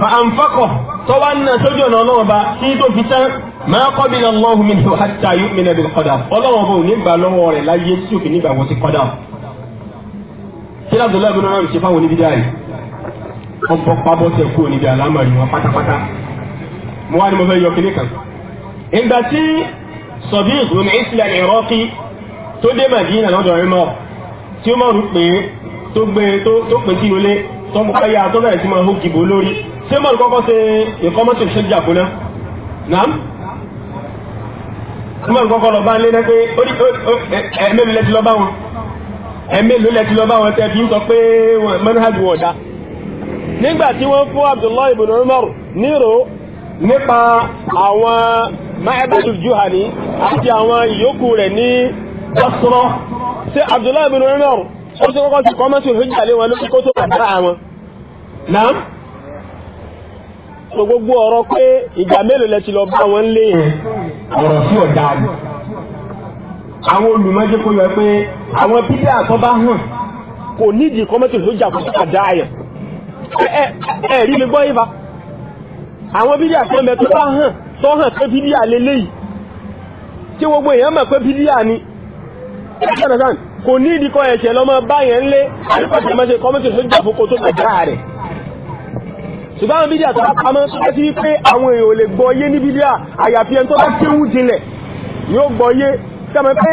fa anfaqah tó wá ń nà sójú ọ̀nà ọlọ́run ba kí tó fi tán ma qabila Allahu minhu hatta yu'mina bil qadar ọlọ́run bò nígbà lọ́wọ́ rẹ̀ láyé tí òkè nígbà wọ́n ti kọ́dà sílẹ̀ abdullahi bin umar ṣe fáwọn oníbídà rẹ̀ wọ́n bọ́ pábọ́sẹ̀ kú oníbíà lámàrin wọn pátápátá mo wá ní mo fẹ́ yọ kíní kan. ìgbà tí sadiq ibn isla al-iraqi tó dé madina lọ́dọ̀ ẹ̀mọ́ tí ó mọ̀ rú pé tó gbé tó pè sí ilé tó mú káyà tó bẹ̀rẹ̀ sí máa hó gìbò lórí tí ó mọ̀ rú kọ́kọ́ ṣe ìkọ́mọ́tò ìṣẹ́jà fún náà nàám tí ó mọ̀ rú kọ́kọ́ lọ bá ń lé náà pé ẹ̀mẹ́lú lẹ́ti lọ bá wọn ẹ̀mẹ́lú lẹ́ti lọ bá wọn tẹ́ fi ń sọ pé manhaj wọ̀dá nígbà tí wọ́n fún Abdullahi ibn Umar nírò nípa àwọn ma'abatu juhani àti àwọn ìyókù rẹ̀ ní ọ̀sọ́rọ̀ sí abdullahi bin umar ó ti kọ́kọ́ ti kọ́mọ́sí hujja lé wọn lókí kó tó àdá àwọn náà so gbogbo ọ̀rọ̀ pé ìgbà mélòó lẹ ti lọ bá wọn lé yẹn ọ̀rọ̀ sí ọ̀dà àgbà àwọn olùmọ́jẹ́ kó yọ pé àwọn bídẹ́ àtọ́bá hàn kò nídìí kọ́mọ́sí hujja kó tó àdá àyẹ̀ ẹ ẹ mi gbọ́ yín àwọn bídíà tó mẹ́ tó bá hàn tó hàn pé bídíà lélé yìí tí gbogbo èèyàn mọ̀ pé bídíà ni kò ní ìdíkọ ẹ̀ṣẹ̀ lọ́mọ báyẹn lé àríkọ̀ṣẹ̀mọ́ṣe kọ́mọ́tì tó jà fókó tó gbàjá rẹ̀ ṣùgbọ́n àwọn bídíà tó bá pamọ́ tó bá ti rí pé àwọn èèyàn ò lè gbọ́ yé ní bídíà àyàfi ẹni tó bá kéwú jinlẹ̀ yóò gbọ́ yé kẹ́mọ̀ pé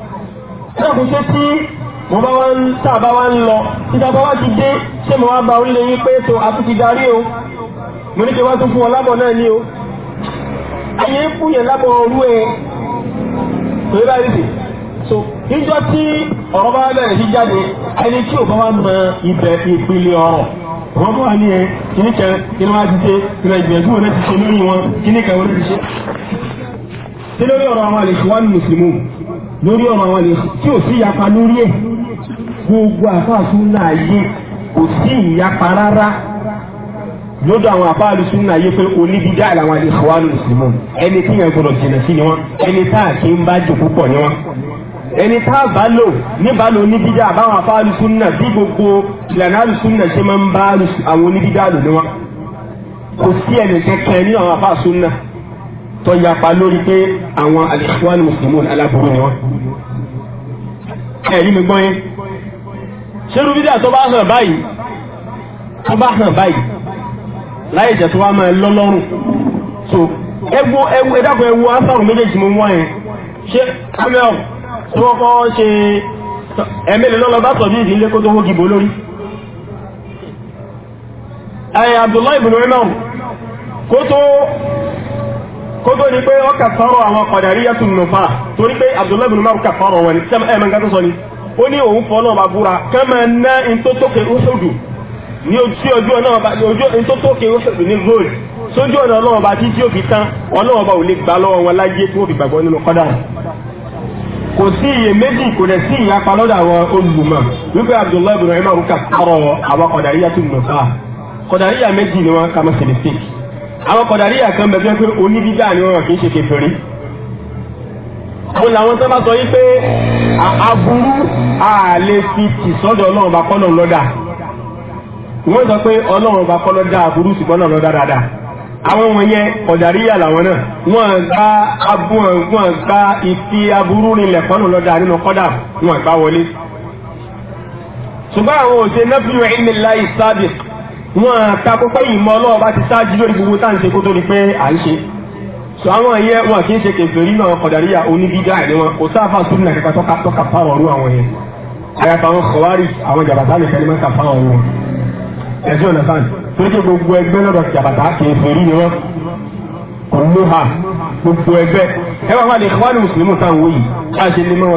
dákun ṣé tí mo bá wá ń tà bá wá ń lọ títa bá wá ti dé ṣé mo wá ba orílẹ̀ yín pé tó àtúntì darí o mo ní kí wá tún fún ọ lábọ̀ náà ní o ayé ń fún yẹn lábọ̀ orú ẹ tó yẹ báyìí dì so níjọ́ tí ọ̀rọ̀ bá bẹ̀rẹ̀ sí jáde ẹni tí ò bá wá mọ ibẹ̀ ìpìlẹ̀ ọ̀rọ̀ wọ́n bọ́ ní ẹ kíní kan kíní wá ti ṣe ìrẹ̀ ìgbẹ̀jú wọn ti ṣe lórí wọn kíní kan wọn ti ṣe. kí ọ̀rọ̀ àwọn àlèkùn lórí ọ̀rọ̀ àwọn lè tí ò sí ìyapa lórí ẹ̀ gbogbo àfàsúnà ayé kò sí ìyapa rárá lọ́dọ̀ àwọn àfàsúnà ayé pé onídìjà làwọn àdìsíwájú ìsìnmọ́ ẹni tí yẹn gbọdọ̀ jìnà sí ni wọ́n ẹni tá à kí ń bá jò púpọ̀ ni wọ́n ẹni tá a bá lò níbà lò onídìjà àbáwọn àfàsúnà bí gbogbo ìlànà àlùsúnà ṣe máa ń bá àwọn onídìjà lò ni wọ́n kò sí ẹnì kẹkẹ nínú àwọn àfàsúnà tó yapa lórí pé àwọn alẹ́sùwánì mùsùlùmí aláburú ni wọ́n. ẹ̀rí mi gbọ́n yín ṣerú fídíà tó bá hàn báyìí tó bá hàn báyìí láyé jẹ́ tó wá máa lọ́lọ́rùn so ẹgbó ẹgbó ẹdáko ẹwú asárùn méjèèjì mo wọ́n yẹn ṣé amẹ́ọ̀ tó kọ́kọ́ ṣe ẹ̀mẹ́lẹ̀ lọ́lọ́ bá sọ̀bí ìdílé kó tó wó gìbò lórí ẹ̀ Abdullahi ibn Umar kó tó kótó ni pé wọ́n kàfàrọ̀ àwọn kọ̀dàríyà tún nùfà torí pé abdullahi bin umar kàfàrọ̀ wọn ni sẹ́m ẹ̀ mẹ́ta tó sọ ni ó ní òun fọ́ náà bá búra kẹ́mẹ́ ná ntótókè uhudu ní ojú ojú ọ̀nà ọba ojú ntótókè uhudu ní gold sójú ọ̀nà ọlọ́wọ́n bá títí òfin tán ọlọ́wọ́n bá ò lè gbà lọ́wọ́ wọn láyé tí wọ́n fi gbàgbọ́ nínú kọ́dà kò sí iyèméjì kò dẹ̀ sí ìyapa lọ́dọ̀ àwọn olùmọ̀ wípé abdullahi bin umar kàfàrọ̀ àwọn kọ̀dàríyà tún nùfà kọ̀dàríyà méjì ni wọ́n kà mọ́ sẹ̀lẹ̀sẹ̀kì àwọn kọ̀dàríyà kan bẹ̀rẹ̀ pé oníbídà ni wọ́n kì í ṣe kèfèrí òun làwọn tó bá sọ yí pé aburú àlè fi tì sọ́dọ̀ ọlọ́run ọba kọ́ lọ́run lọ́dà wọ́n sọ pé ọlọ́run ọba kọ́ lọ́dà aburú ṣùgbọ́n náà lọ́dà dáadáa àwọn wọn yẹn kọ̀dàríyà làwọn náà wọ́n gba abúhàn wọ́n gba ìfi aburú nílẹ̀ kọ́nù lọ́dà nínú kọ́dà wọ́n gbá wọlé ṣùgbọ́n àwọn òṣèlú náà fi wọ́n ilẹ̀ wọn àtakò pé ìmọ̀ ọlọ́wọ́ bá ti ṣáájú lórí gbogbo tá à ń ṣe kó tó di pé à ń ṣe sọ àwọn ẹyẹ wọn kì í ṣe kèfèrí náà kọ̀dàríyà oníbídà ẹ̀ wọn kò sáfà sórí nà kẹta tọ́ka tọ́ka fáwọn ọ̀rú àwọn yẹn àyàfà àwọn kọ̀wárì àwọn jàbàtà lè fẹ́ẹ́ mẹ́ta fáwọn ọ̀rú wọn ẹ̀sìn ọ̀nà sáà torí pé gbogbo ẹgbẹ́ lọ́dọ̀ jàbàtà kèfèrí ni wọn kò ló ha gbogbo ẹgbẹ́ ẹ bá wà lè kọ́wárì mùsùlùmí táwọn wò a ṣe lè mọ́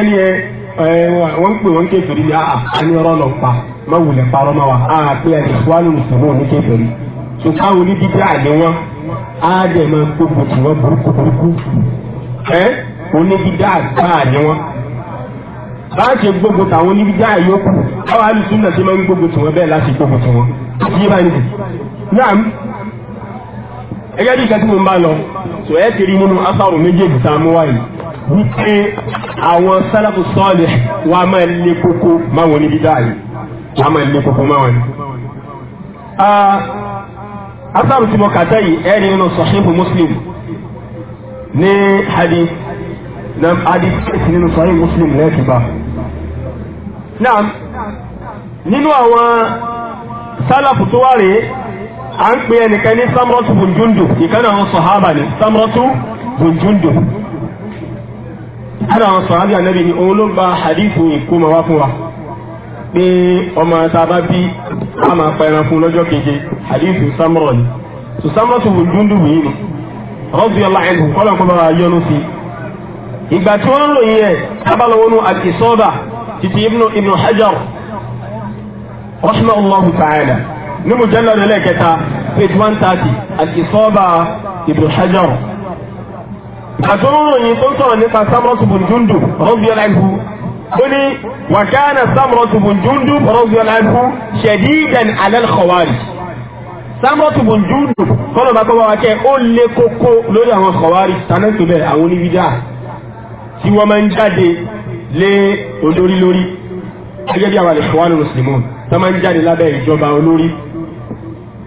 wọn ẹ wọ́n pè wọ́n kèfèrí ni àà àní ọ̀rọ̀ lọ pa ma wulẹ̀ parọ́ má wa àà pé ẹni wà ní mùsùlùmí wọn á dẹ̀ máa burúkú burúkú wọn gbogbo tàwọn onídìbí àyókù báwa alùsùn ṣe máa ń gbogbo gbogbo so lọ sọ ẹ́ kiri nínú asárò méjèèjì tá a yi wípé àwọn sálàfù sọ́ọ̀lì wa máa lé koko máwọn níbi dáàyè wa máa lé koko máwọn ní. asáàbù tí mo kà sẹ́yìn ẹ̀rí nínú sọ̀híhù muslim ní hadi na hadi kéèsì nínú sọ̀híhù muslim lẹ́ẹ̀kìbá. náà nínú àwọn sálàfù tó wà rèé à ń pè ẹnìkan ní samratu bunjundu ìkànnì àwọn sọ̀hábà ní samratu bunjundu lára àwọn sọ̀hábí ànábì ni òun ló ń ba hadith ìkómọ wá fún wa pé ọmọ tá a bá bí a máa pa ẹran fún lọ́jọ́ keje hadith samurọ ni tó samurọ tó wùn dúndùn yìí ni radiyallahu anhu kọ́lá kọ́ bá wa yọnu sí i ìgbà tí wọ́n ń lò yìí ẹ̀ àti sọ́ọ̀bà títí ibnu ibnu hajar rahmatulahu ta'ala ní mujallad lẹ́kẹta page one thirty àti sọ́ọ̀bà ibnu hajar àtúnròyìn tó sọ̀rọ̀ nípa samurọ́tù bùndúndù rọ́bìọ́lá ìhù ó ní wàkánà samurọ́tù bùndúndù rọ́bìọ́lá ìhù ṣẹ̀dídàn alẹ́lẹ́kọ̀wárì samurọ́tù bùndúndù kọ́nà bá kọ́wá wákẹ́ ó lé kókó lórí àwọn kọ̀wárì tánẹ́tù bẹ́ẹ̀ àwọn oníbídà tí wọ́n máa ń jáde lé olórí lórí gẹ́gẹ́ bí àwọn àlẹ́kọ̀wárì mùsùlùmí tó máa ń jáde lábẹ́ ìjọba olórí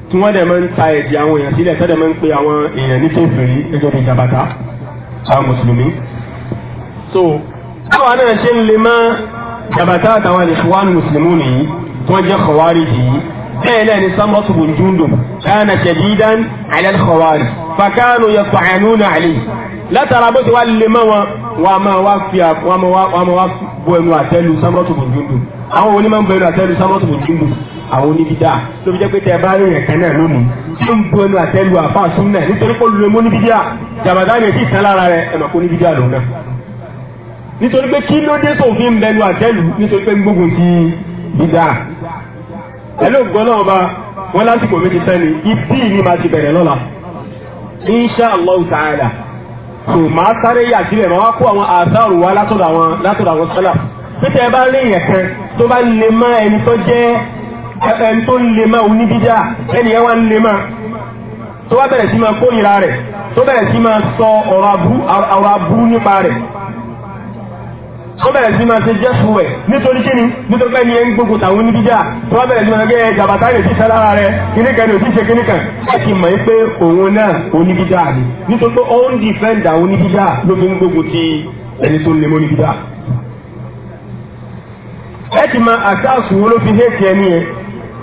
tí wọ́n dẹ̀ máa ń ta ẹ̀dì àwọn èèyàn sílẹ̀ tẹ́lẹ̀ máa ń pe àwọn èèyàn ní kéfèrí gẹ́gẹ́ bí jabata àwọn mùsùlùmí. so báwa náà ṣe ń lè má jàbàtà àtàwọn àlèfowánu mùsùlùmí nìyí tí wọ́n jẹ́ khawarij yìí bẹ́ẹ̀ náà ni samratu bun jundub kana shadidan ala al-khawarij fakanu yasta'anuna alayhi látara bó ti wá lè má wọn wọn a máa wá fi wọn a máa wá bọ ẹnu àtẹlu samratu bun jundub àwọn onímọ̀ ń bọ ẹnu àtẹlu samratu àwọn oníbídà tó fi jẹ́ pé tẹ bá rí yẹn kan náà lónìí tó ń bu ẹnu àtẹ́lu àfa súnmẹ̀ nítorí pé olùlọ mọ́ oníbídà jàbàdá yẹn ti sàn lára rẹ ẹ̀mọ̀ kó oníbídà lòun náà nítorí pé kí ló dé tó fi ń bẹnu àtẹ́lu nítorí pé ń gbógun ti bídà ẹlò gbọ́nà ọba wọn lásìkò méjì sẹ́ni ibi ni màá ti bẹ̀rẹ̀ lọ́la insha allah ta'ala tó màá sáré yà sílẹ̀ màá wá kó àwọn àṣàrò wa látọ̀dọ̀ àwọn látọ̀dọ̀ àwọn sálà pété ẹ bá rí yẹn kan tó bá lè má ẹni tó jẹ́ ẹni tó ń lè máa oníbídà ẹni ẹ wá ń lè máa tó wá bẹ̀rẹ̀ sí máa kóyìnra rẹ̀ tó bẹ̀rẹ̀ sí máa sọ ọ̀rọ̀ aburú nípa rẹ̀ tó bẹ̀rẹ̀ sí máa ṣe jẹ́sùn rẹ̀ nítorí kíni nítorí pé ní ẹni gbogbo tàwọn oníbídà tó wá bẹ̀rẹ̀ sí máa gẹ́ jàbátá rẹ̀ sí sálára rẹ̀ kíníkan ní òtíṣe kíníkan láti mọ̀ pé òun náà oníbídà ni nítorí pé ó ń dìfẹ́ǹdà oníbídà ló fi ń gbogbo ti ẹni tó ń lè mọ́ oníbídà ẹ ti máa àṣà àṣùwọ́n ló fi hẹ́ẹ̀kì ẹni yẹn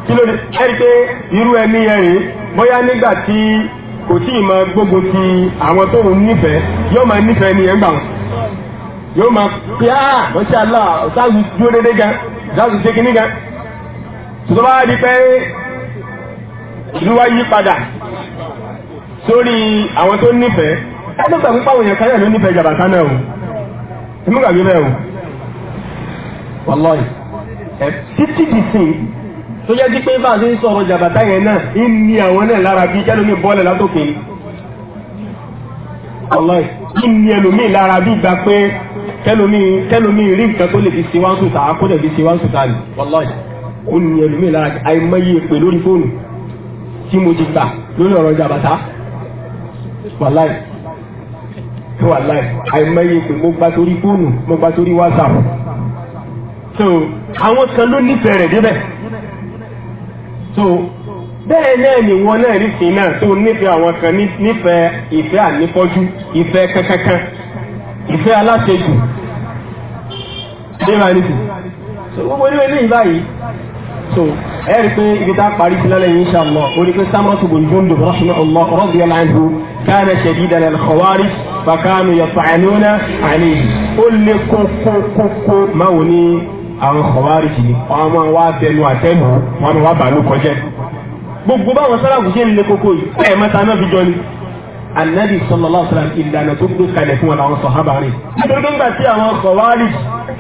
kí ló dé ẹ̀rí pé irú ẹni yẹn rèé bóyá nígbà tí kò tí ì máa gbógun ti àwọn tó ń nífẹ̀ẹ́ yóò máa nífẹ̀ẹ́ ni ẹ̀ ń gbà wọn yóò máa pé áà ah, lọ́sẹ̀ àlá ọ̀sáàzù dúró dédé gan ọ̀sáàzù ṣe kínní gan tó bá di pé ìlú wa yí padà sórí àwọn tó nífẹ̀ẹ́ ẹni gbàgbé pàwọn èèyàn kan náà ló nífẹ̀ẹ́ jàbàtà náà o èmi gbàgbé bẹ́ẹ̀ o wàlọ́ọ̀yì ẹ̀ títí dì tó yẹ kí pé bá a ṣe ń sọ̀rọ̀ jàbàtà yẹn náà ń ní àwọn náà lára bí kẹ́lómi bọ́ọ̀lẹ̀ látòkè ń ní ẹlòmíì lára bí gba pé kẹ́lómi kẹ́lómi rí nǹkan tó lè fi ṣe wá ń sùtà kó lè fi ṣe wá ń sùtà ni wàláì ó ní ẹlòmíì lára àìmọye èpè lórí fóònù tí mo ti gbà lórí ọ̀rọ̀ jàbàtà wàláì wàláì àìmọye èpè mo gba mo gba so àwọn kan ló nífẹ̀ẹ́ rẹ̀ débẹ̀ so bẹ́ẹ̀ náà ni wọn náà rí sí náà tó nífẹ̀ẹ́ àwọn kan nífẹ̀ẹ́ ìfẹ́ ànífọ́jú ìfẹ́ kankankan ìfẹ́ aláṣejù déra nìkú so gbogbo oníwé ní ìbáyìí so ẹ rí pé ibi tá a parí sí lálẹ́ yìí ṣàlọ́ orí pé Samuratu bun Jundub radiyallahu anhu kana shadidan al-khawarij fa kanu yaf'aluna alayhi ó lé kókókókó máwo ní àwọn kọ̀wárì kìíní wọn máa wá tẹnu àtẹnu wọn máa wá bàánú kọjá gbogbo báwọn sáràkù ṣe ń le koko yìí ẹ̀ mẹ́ta náà fi jọ ni anabi sallallahu alaihi wa sallam ìlànà tó gbé kalẹ̀ fún wọn àwọn sọ̀hábà rẹ̀. nítorí pé nígbà tí àwọn kọ̀wárì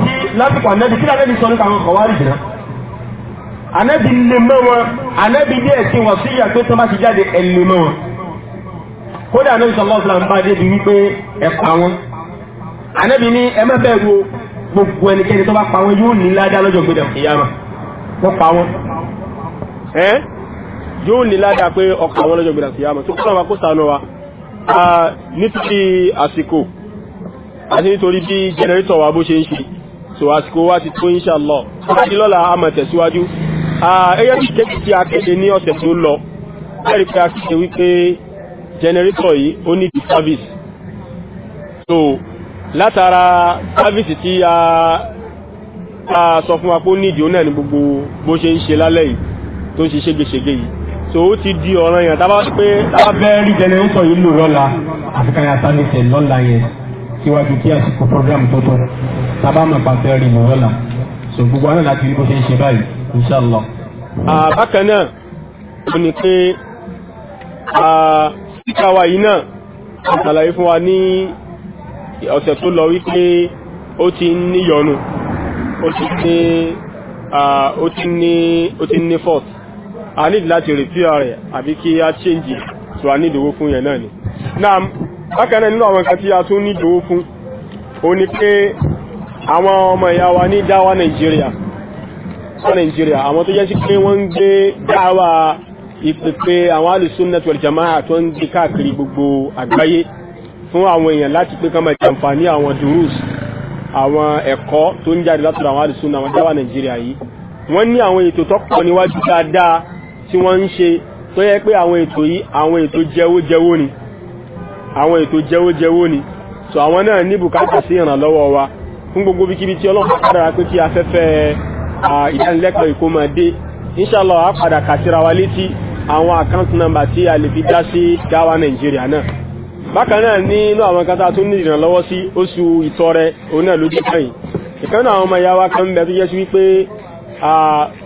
tí lásìkò anabi kí anabi sọ nípa àwọn kọ̀wárì jìnnà anabi lè mọ wọn anabi díẹ̀ sí wọn sí ìyàtọ̀ tó bá ti jáde ẹ̀ lè mọ wọn. kódà anabi sallallahu alaihi bá dé bi wípé ẹ̀ pa wọn anabi ní ẹ má bẹ́ẹ̀ ru gbogbo ẹnikẹ́ni tó bá pa wọn yóò ní ládá lọ́jọ́ gbé dàkú ìyá wọn wọ́n pa wọn. ẹ yóò ní ládá pé ọkà wọn lọ́jọ́ gbé dàkú ìyá wọn tó kọ́ àwọn kó sànù wa nítorí àsìkò àti nítorí bí jẹnẹrétọ̀ wa bó ṣe ń ṣe so àsìkò wa ti tó inṣàlọ́ láti lọ́la a máa tẹ̀síwájú ẹgbẹ́ ti kéèkì tí a kéde ní ọ̀sẹ̀ tó lọ ẹ̀rí pé a kéde wípé jẹnẹrétọ̀ yìí ó ní di service so látara sáfíìsì tí a sọ fún wa pé ó nídìí ó náà ní gbogbo bó ṣe ń ṣe lálẹ́ yìí tó ń ṣe ṣégeṣége yìí so ó ti di ọ̀ràn yẹn tá bá pé tá bẹ́ rí jẹnẹrétọ̀ yìí lò lọ́la àfikàyà sáfíìsì lọ́la yẹn síwájú kí àsìkò program tó tó tá bá mọ̀ pàtẹ́ rí lò lọ́la so gbogbo àwọn láti rí bó ṣe ń ṣe báyìí inshallah. bákan náà ó ní pé síkà wa yìí náà àlàyé fún wa ní ọ̀sẹ̀ tó lọ wípé ó ti níyọnu ó ti ní ó ti ní ó ti ní fort a need láti repair rẹ̀ àbí kí a change so a need owó fún yẹn náà ni náà bákan náà nínú àwọn nǹkan tí a tún need owó fún ó ní pé àwọn ọmọ ìyá wa ní dáwà nàìjíríà sọ nàìjíríà àwọn tó jẹ́ sí pé wọ́n ń gbé dáwà ìpèpè àwọn alùsùn network jama'a tó ń gbé káàkiri gbogbo àgbáyé fún àwọn èèyàn láti pé kán máa jàǹfààní àwọn durus àwọn ẹ̀kọ́ tó ń jáde látọ̀dọ̀ àwọn àdìsún àwọn jáwà nàìjíríà yìí wọ́n ní àwọn ètò tó pọ̀ níwájú dáadáa tí wọ́n ń ṣe tó yẹ pé àwọn ètò yìí àwọn ètò jẹ́wójẹ́wó ni àwọn ètò jẹ́wójẹ́wó ni so àwọn náà ní bùkátà sí ìrànlọ́wọ́ wa fún gbogbo bíkíbi tí ọlọ́run kádàrá pé kí afẹ́fẹ́ ìdánilẹ́kọ̀ọ́ ìkó máa dé inshallah a padà kà síra wa létí àwọn account number tí bákan náà ní inú àwọn kata tó ní ìrànlọ́wọ́ sí oṣù ìtọrẹ òun náà ló dìkan yìí ìkan náà àwọn ọmọ ìyá wa kan bẹ tó yẹ sí wípé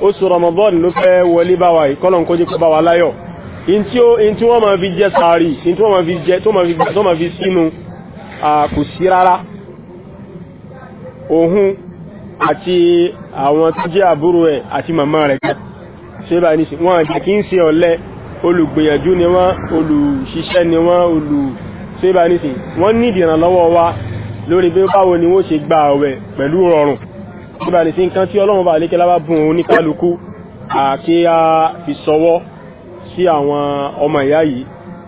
oṣù Ramadan ló fẹ́ wọlé bá wa ìkọlọ̀ ń kójú bá wa láyọ̀ in tí wọ́n máa fi jẹ sàárì in tí wọ́n máa fi jẹ tó máa fi sínú kò sí rárá òhun àti àwọn tó jẹ́ àbúrò ẹ̀ àti màmá rẹ̀ gẹ́ ṣe bá wọ́n àjẹ́ kí ń ṣe ọ̀lẹ olùgbìyànjú ni wọ́n olùṣiṣẹ́ ni wọ́n olùgbìyànjú so ibà nísìn wọ́n ní ìdìrànlọ́wọ́ wa lórí bí báwo ni wọ́n ṣe gba àwẹ̀ pẹ̀lú rọrùn ibà nísìn nǹkan tí ọlọ́run bá lékẹ́ lábá bùn òun ní kálukú àkí a fi sọwọ́ sí àwọn ọmọ ìyá yìí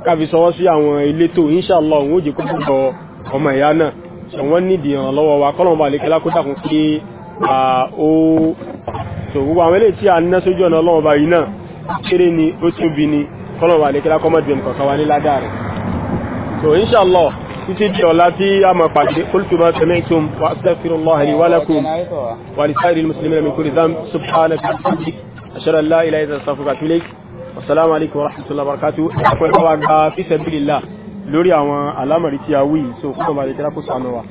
ká fi sọwọ́ sí àwọn elétò inṣàlá òun ó jẹ́ kó bọ̀ ọmọ ìyá náà so wọ́n ní ìdìrànlọ́wọ́ wa kọ́lọ́run bá lékẹ́ lákó dàkún a ó so gbogbo àwọn eléyìí tí a ná sójú ọ̀nà ọlọ́run bá yìí náà kéré ni ó tún bi ni kọ́lọ́run bá lékẹ́ lákọ́ mọ́dún kọ̀ọ̀kan wa ní ládàá rẹ̀ so inshallah títí di ọ̀la tí a máa pàdé qultu ma sami'tum wa astaghfirullaha li wa lakum wa li sa'iril muslimina min kulli dhanb subhanaka wa bihamdik ashhadu an la ilaha illa anta astaghfiruka wa atubu ilayk assalamu alaykum wa rahmatullahi wa barakatuh akwai kawa ga fi sabilillah lórí àwọn alámọ̀rí tí a wí so kúrò bá lè tẹ́lá kó sànú wa